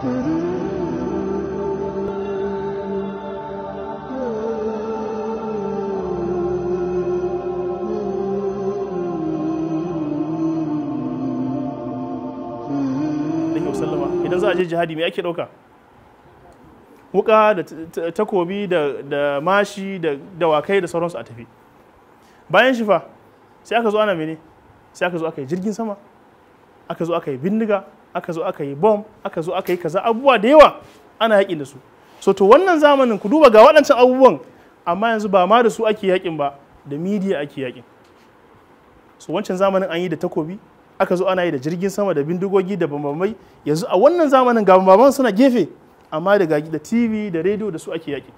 idan za a je jihadi mai ake ɗauka wuka da takobi da mashi da dawakai da sauransu a tafi bayan shifa sai aka zo ana mene sai aka zo aka yi jirgin sama aka zo aka yi bindiga aka zo aka yi bom aka zo aka yi kaza abubuwa da yawa ana yaƙi da su so to wannan zamanin ku duba ga waɗancan abubuwan amma yanzu ba ma da su ake yaƙin ba da midiya ake yaƙin so wancan zamanin an yi da takobi aka zo ana yi da jirgin sama da bindigogi da bambamai yanzu a wannan zamanin ga bambaman suna gefe amma da tv da rediyo da su ake yaƙi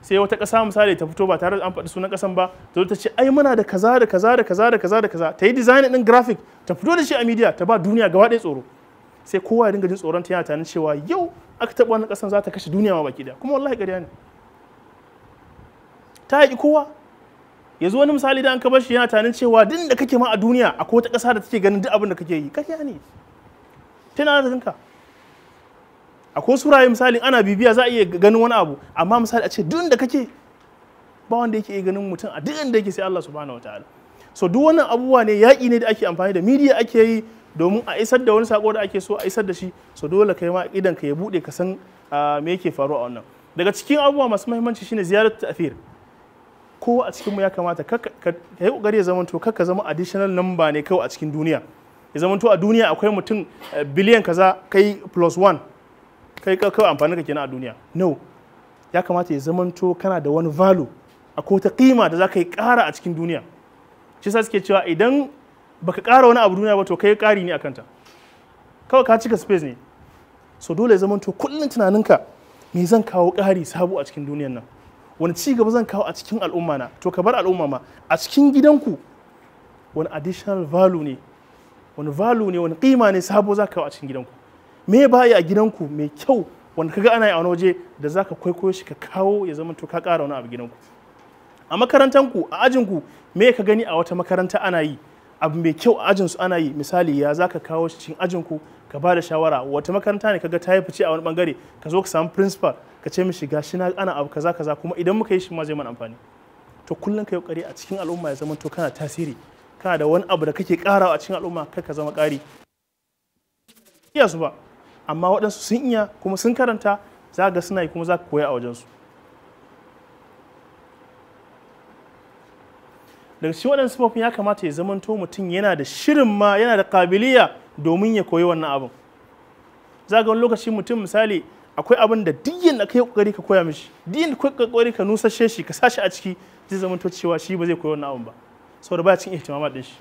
sai wata ƙasa misali ta fito ba tare da an faɗi sunan ƙasan ba ta ta ce ai muna da kaza da kaza da kaza da kaza da kaza ta yi design ɗin graphic ta fito da shi a media ta ba duniya gaba ɗaya tsoro sai kowa ya dinga jin tsoron ta yana tunanin cewa yau aka taɓa wani ƙasan za ta kashe duniya ma baki da kuma wallahi ƙarya ne ta yaki kowa ya zo wani misali da an ka bashi yana tunanin cewa duk da kake ma a duniya akwai wata ƙasa da take ganin duk abin da kake yi gariya ne tana da a akwai suraye misalin ana bibiya za a iya ganin wani abu amma misali a ce duk da kake ba wanda yake iya ganin mutum a duk da yake sai Allah subhanahu wataala so duk wannan abubuwa ne yaƙi ne da ake amfani da media ake yi domin a isar da wani sako da ake so a isar da shi so dole kai ma idan ka ya bude ka san me yake faruwa a wannan daga cikin abubuwa masu muhimmanci shine ziyarar ta'fir kowa a cikin mu ya kamata ka yi kokari ya zama to ka zama additional number ne kawai a cikin duniya ya zama to a duniya akwai mutum eh, biliyan kaza kai plus one kai kawai amfani ka kenan a duniya no ya kamata ya zama to kana da wani value akwai ta kima da za ka yi kara a cikin duniya shi sa suke cewa idan baka ƙara wani abu duniya ba to kai ƙari ne akanta kawai ka cika space ne so dole ya zamanto kullum tunaninka me zan kawo ƙari sabo a cikin duniyar nan wani ci gaba zan kawo a cikin al'umma na to ka bar al'umma ma a cikin gidanku wani additional value ne wani value ne wani kima ne sabo za kawo a cikin gidanku me baya a gidanku mai kyau wanda kaga ana yi a waje da za ka kwaikwayo shi ka kawo ya zama to ka ƙara wani abu gidanku a makarantanku a ajinku me ka gani a wata makaranta ana yi abu mai kyau a ajinsu ana yi misali ya za ka kawo cikin ajinku ka ba da shawara wata makaranta ne kaga ta yi fice a wani bangare ka zo ka samu principal ka ce mishi gashi na ana abu kaza kaza kuma idan muka yi shi ma zai mana amfani to kullum ka yi kokari a cikin al'umma ya zama to kana tasiri kana da wani abu da kake karawa a cikin al'umma kai ka zama ƙari iya su ba amma waɗansu sun iya kuma sun karanta za ga suna yi kuma za ka koya a wajensu daga shi waɗansu sifofin ya kamata ya zamanto mutum yana da shirin ma yana da kabiliya domin ya koyi wannan abin za ga wani lokaci mutum misali akwai abin da duk da kai kokari ka koya mishi duk kai kokari ka nusashe shi ka sashi a ciki zai to cewa shi ba zai koyi wannan abin ba saboda baya cikin ihtimama din shi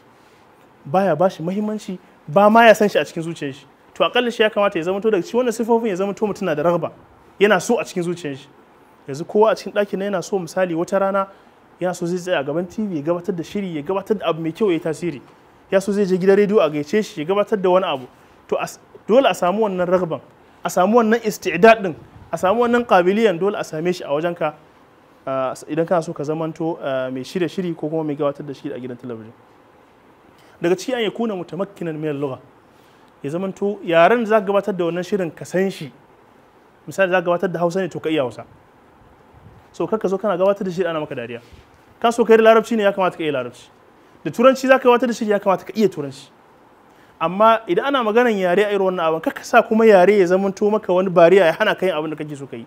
baya ba shi muhimmanci ba ma ya san shi a cikin zuciyar shi to akalla shi ya kamata ya to daga cikin wannan sifofin ya to mutum na da ragba yana so a cikin zuciyar shi yanzu kowa a cikin ɗakin yana so misali wata rana ya so zai tsaya gaban tv ya gabatar da shiri ya gabatar da abu mai kyau ya tasiri ya so zai je gidan rediyo a gaice shi ya gabatar da wani abu to dole a samu wannan ragban a samu wannan isti'dad din a samu wannan kabiliyan dole a same shi a wajen ka idan kana so ka zamanto mai shirya shiri ko kuma mai gabatar da shiri a gidan talabijin daga ciki an ya kuna mutamakkinan mai lugha ya zamanto yaren da za ka gabatar da wannan shirin ka san shi misali za ka gabatar da hausa ne to ka iya hausa so kar ka zo kana gabatar da shi ana maka dariya ka so kai larabci ne ya kamata ka iya larabci da turanci za ka gabatar da shi ya kamata ka iya turanci amma idan ana maganan yare a irin wannan abin ka sa kuma yare ya zama to maka wani bariya ya hana kai abin da kake so ka yi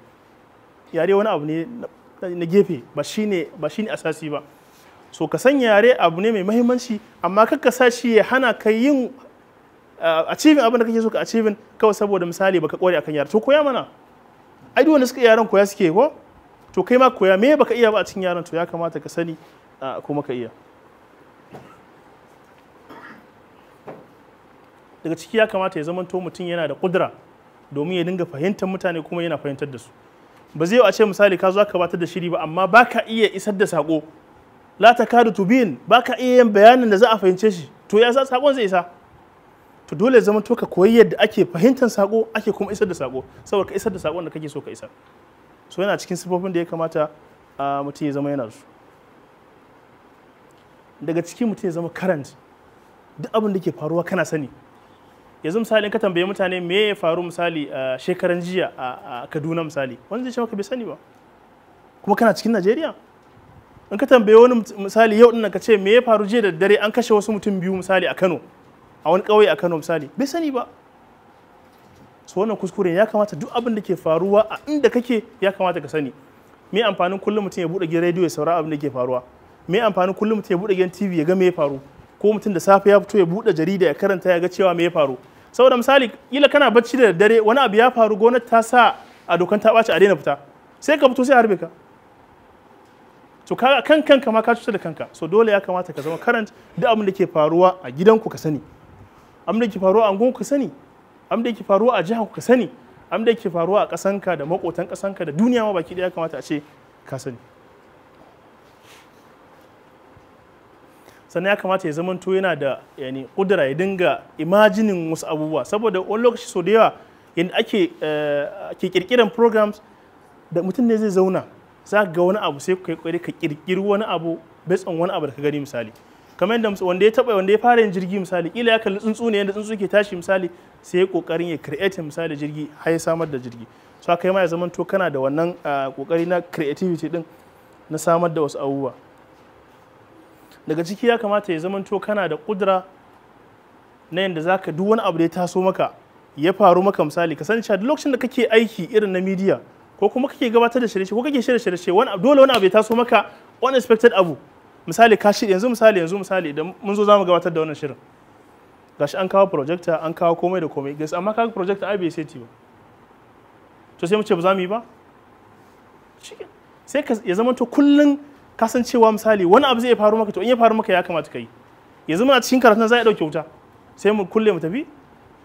yare wani abu ne na gefe ba shine ba shine asasi ba so ka sanya yare abu ne mai mahimmanci amma ka sa shi ya hana kai yin uh, achieving abin da kake so ka achieving kawai saboda misali baka kware akan yare to koya mana ai duk wanda suka yaran koya suke ko to kai ma koya me baka iya ba a cikin yaron to ya kamata ka sani kuma ka iya daga ciki ya kamata ya zamanto mutum yana da kudura domin ya dinga fahimtar mutane kuma yana fahimtar da su ba zai a ce misali ka zo ka batar da shiri ba amma baka iya isar da sako la ta kadu tubin baka iya yin bayanin da za a fahimce shi to ya sa sakon zai isa to dole ya zama to ka koyi yadda ake fahimtar sako ake kuma isar da sako saboda ka isar da sakon da kake so ka isar so yana cikin sifofin da ya kamata mutum ya zama yana su daga cikin mutum ya zama current duk abin da ke faruwa kana sani yanzu misali ka tambaye mutane me ya faru misali a shekaran jiya a kaduna misali wani zai maka bai sani ba kuma kana cikin najeriya in ka tambaye wani misali yau ɗin ka ce me ya faru jiya da dare an kashe wasu mutum biyu misali a kano a wani ƙauye a kano misali bai sani ba su wannan kuskure ya kamata duk abin da ke faruwa a inda kake ya kamata ka sani me amfanin kullum mutum ya bude gidan rediyo ya saura abin da ke faruwa me amfanin kullum mutum ya bude gidan TV ya ga me ya faru ko mutum da safe ya fito ya bude jarida ya karanta ya ga cewa me ya faru saboda misali kila kana bacci da dare, wani abu ya faru gonar ta sa a dokan ta ɓaci a daina fita sai ka fito sai harbe ka to kan kanka ma ka cuta da kanka so dole ya kamata ka zama karanta duk abin da ke faruwa a gidanku ka sani abin da ke faruwa a angonku ka sani abin da yake faruwa a jihar ka sani abin da yake faruwa a ka da makotan ka da duniya ma baki ya kamata a ce ka sani sannan ya kamata ya zamanto yana da yani kudura ya dinga imajinin wasu abubuwa saboda wani lokaci so da yawa yadda ake eh, ke kirkiran programs da mutum ne zai zauna za ga wani abu sai ka kirkiri wani abu based on wani abu da ka gani misali kamar yadda wanda ya taba wanda ya fara yin jirgi misali kila ya kalli tsuntsu ne yadda tsuntsu ke tashi misali sai ya kokarin ya create misali jirgi har ya samar da jirgi so yi ma ya zama to kana da wannan kokari na creativity din na samar da wasu abubuwa daga ciki ya kamata ya zama to kana da kudura na yadda zaka duk wani abu da ya taso maka ya faru maka misali ka sani duk lokacin da kake aiki irin na media ko kuma kake gabatar da shirye ko kake shirye shirye wani dole wani abu ya taso maka unexpected abu misali ka shi yanzu misali yanzu misali idan mun zo zamu gabatar da wannan shirin gashi an kawo projector an kawo komai da komai gaskiya amma kaga projector ai bai seti ba to sai mu ce ba za mu yi ba sai ya zama to kullun kasancewa misali wani abu zai faru maka to in ya faru maka ya kamata ka yi ya zama a cikin karatun za a dauke wuta sai mu kulle mu tafi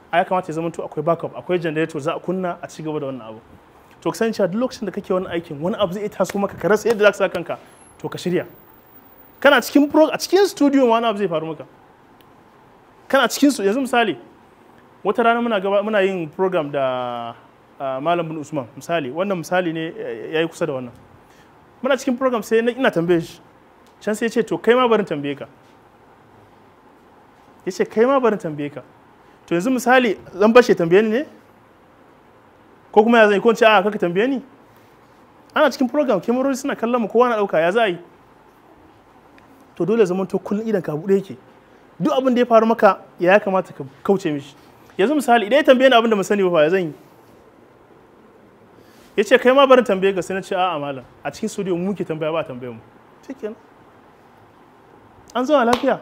a ya kamata ya zama to akwai backup akwai generator za a kunna a ci gaba da wannan abu to kasancewa duk lokacin da kake wani aikin wani abu zai taso maka ka rasa yadda za ka sa kanka to ka shirya kana cikin a cikin studio wani abu zai faru maka kana cikin su yanzu misali wata rana muna gaba muna yin program da ah, malam bin usman misali wannan misali ne eh, ya yi kusa da wannan muna cikin program sai ina tambaye shi can sai ya ce to kai ma barin tambaye ka ya ce kai ma barin tambaye ka to yanzu misali zan bashe tambaye ni ne ko kuma ya zai ko ce a kaka tambaye ni ana cikin program kemarori suna kallon mu kowa na dauka ya za a yi to dole zaman to kullum idan ka bude yake duk abin da ya faru maka ya kamata ka kauce mishi yanzu misali idan ya tambaye ni abin da musani ba ya zan yi yace ce kai ma barin tambaye ka sai na ce a'a malam a cikin studio mu muke tambaya ba tambaye mu cikin an a lafiya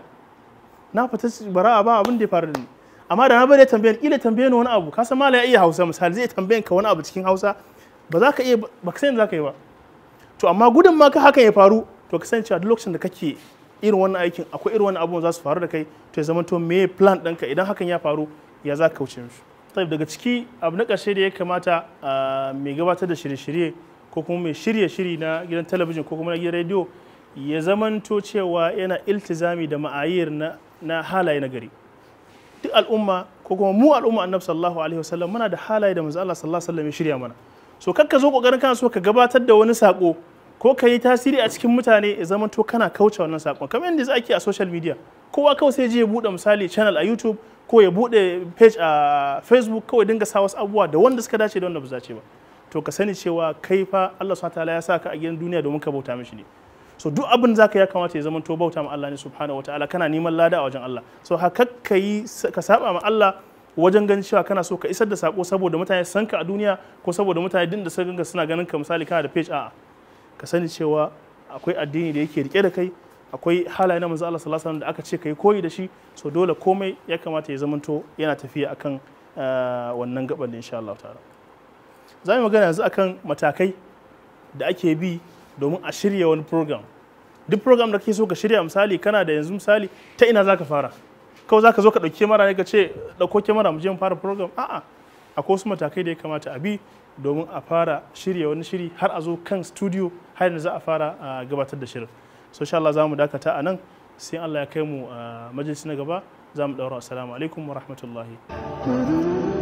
na fita bara'a ba abin da ya faru da ni amma da na bari tambayar kila tambaye ni wani abu ka san malam ya iya Hausa misali zai tambaye ka wani abu cikin Hausa ba za ka iya ba ka san za ka yi ba to amma gudun ma ka hakan ya faru to ka san cewa duk lokacin da kake irin wannan aikin akwai irin wannan abubuwan za su faru da kai to ya zamanto me plan ɗinka idan hakan ya faru ya za ka kauce musu daga ciki abu na ƙarshe da ya kamata ah, mai gabatar da shirye-shirye ko kuma mai shirye-shiri na gidan talabijin ko kuma na gidan rediyo ya zamanto cewa yana iltizami da ma'ayir na halaye na gari duk al'umma ko kuma mu al'umma annabi sallallahu alaihi wasallam muna da halaye da manzo Allah sallallahu alaihi wasallam ya shirya mana so kakka zo kokarin kana so ka gabatar da wani sako ko ka yi tasiri a cikin mutane ya zama to kana kauce wannan sakon kamar yadda ake a social media kowa kawai sai je ya bude misali channel a YouTube ko ya bude page a Facebook kawai dinga sa wasu abubuwa da wanda suka dace da wanda ba za ba to ka sani cewa kai fa Allah subhanahu wataala ya sa ka a gidan duniya domin ka bauta mishi ne so duk abin zaka ya kamata ya zama to bauta ma Allah ne subhanahu wataala kana neman lada a wajen Allah so haka ka yi ka saba ma Allah wajen ganin cewa kana so ka isar da sako saboda mutane sanka a duniya ko saboda mutane din da suka suna ganin ka misali kana da page a'a ka sani cewa akwai addini da yake rike da kai akwai halaye na manzo Allah sallallahu alaihi da aka ce kai koyi da shi so dole komai ya kamata ya zamanto yana tafiya akan eh, wannan gaban da insha Allah ta'ala za mu magana yanzu akan matakai da ake bi domin a shirya wani program duk program da kake so ka shirya misali kana da yanzu misali ta ina zaka fara kawai zaka zo ka dauki mara ne ka ce dauko kyamara mu je mu fara program a'a akwai wasu matakai da ya kamata a bi domin a fara shirya wani shiri har a zo kan studio har yanzu za a fara a gabatar da shirin so shi Allah za mu dakata a nan sai Allah ya kai mu majalisi na gaba za mu daura assalamu alaikum wa rahmatullahi